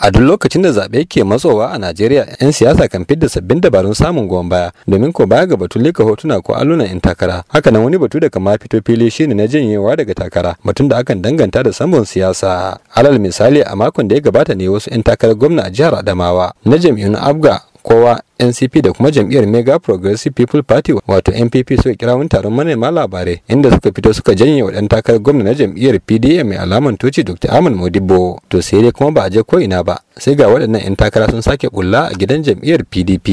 a duk lokacin da zaɓe ke matsowa a najeriya 'yan siyasa kan fidda sabbin dabarun samun goyon baya domin ko baya ga batun lika hotuna ko allunan in takara haka nan wani batu da kama fito fili shine na janyewa daga takara batun da akan danganta da sambon siyasa alal misali a makon da ya gabata ne wasu 'yan takarar gwamna a jihar adamawa na jam'iyyun abga kowa ncp da kuma jam'iyyar mega progressive people party wato npp suka kira wani taron manema labarai inda suka fito suka janye wa dan takarar gwamna na jam'iyyar pdm mai alaman toci dr ahmad modibo to sai dai kuma ba a je ko ina ba sai ga waɗannan 'yan takara sun sake bulla a gidan jam'iyyar pdp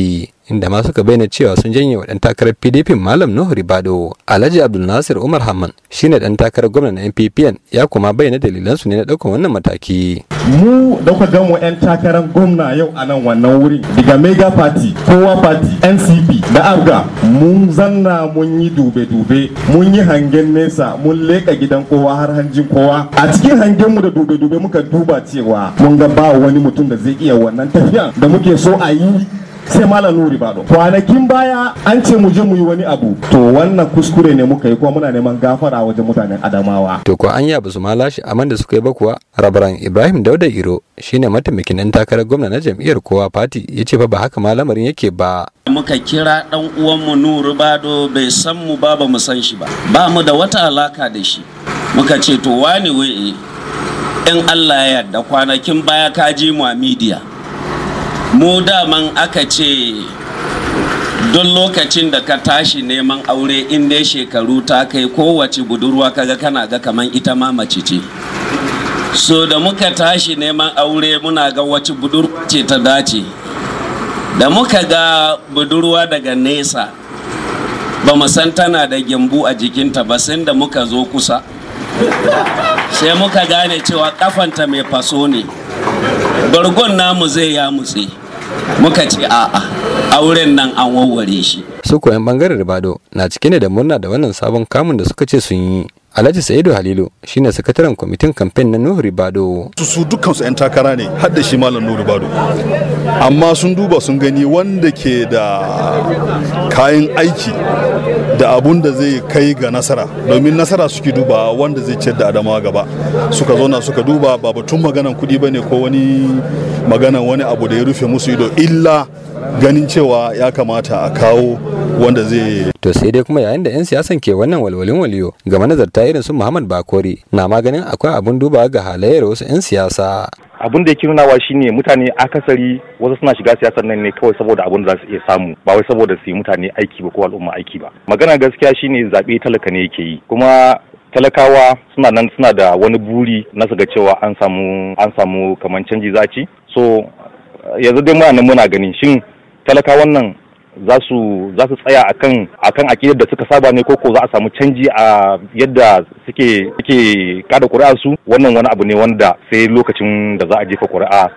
inda ma suka bayyana cewa sun janye wa ɗan takarar pdp malam nuhu ribado alhaji abdul nasir umar hamman shine ɗan takarar gwamna na nppn ya kuma bayyana dalilan su ne na ɗaukar wannan mataki mu da kuka mu yan takarar gwamna yau a nan wannan wurin daga mega party kowa party ncp da abga mun zanna mun yi dube dube mun yi hangen nesa mun leka gidan kowa har hanjin kowa a cikin hangen mu da dube dube muka duba cewa mun ga ba wani mutum da zai iya wannan tafiya da muke so a yi sai malam nuri don. kwanakin baya an ce mu je mu yi wani abu to wannan kuskure ne muka yi kuma muna neman gafara wajen mutanen adamawa to ko an yaba su ma lashe man da suka yi ba kuwa rabaran ibrahim dauda iro shine mataimakin dan takarar gwamna na jam'iyyar kowa fati ya ce ba haka malamarin yake ba muka kira dan uwan mu nuri do bai san mu ba ba mu san shi ba ba mu da wata alaka da shi muka ce to wani wai eh, in Allah ya yarda kwanakin baya ka je mu a media mu daman aka ce don lokacin da ka tashi neman aure inda shekaru ta kai kowace budurwa kaga kana ga kaman ita ma mace ce so da muka tashi neman aure muna ga wace budurwa ce ta dace da muka ga budurwa daga nesa ba san tana da gyambu a jikinta ba sai da muka zo kusa sai muka gane cewa kafanta mai faso ne bargon namu zai ya mutse muka ce a'a auren nan an warware shi su koyan bangaren ribado na cike ne da murna da wannan sabon kamun da suka ce sun yi Alhaji Sa'idu Halilu shine sakataren kwamitin kamfen na Nuhu Ribado. Su su dukkansu 'yan takara ne har da shi Malam Nuhu Ribado. Amma sun duba sun gani wanda ke da kayan aiki da abun da zai kai ga nasara domin nasara suke duba wanda zai ciyar da adamawa gaba suka zauna suka duba ba batun maganan kuɗi ba ne ko wani maganan wani abu da ya rufe musu ido illa ganin cewa ya kamata a kawo wanda zai to sai dai kuma yayin da yan siyasan ke wannan walwalin waliyo ga manazarta irin su Muhammad Bakori na maganin akwai abun duba ga halayyar wasu yan siyasa abun da yake nunawa shine mutane akasari wasu suna shiga siyasar nan ne kawai saboda abun da za su iya samu ba wai saboda su yi mutane aiki ba ko al'umma aiki ba magana gaskiya shine zaɓe talaka ne yake yi kuma talakawa suna nan suna da wani buri na su ga cewa an samu an samu kamar canji zaci so yanzu dai muna nan muna gani shin talakawan nan za su tsaya akan akan akidar da suka saba ne ko ko za a samu canji a yadda suke suke kada ƙuri'a su wannan wani abu ne wanda sai lokacin da za a jefa ƙuri'a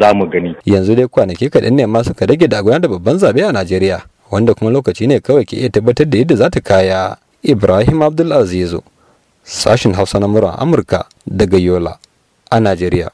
za mu gani yanzu dai kwanaki kaɗan ne ma suka rage da da babban zaɓe a Najeriya wanda kuma lokaci ne kawai ke iya tabbatar da yadda za ta kaya Ibrahim Abdul Azizu sashin Hausa na Amurka daga Yola a Najeriya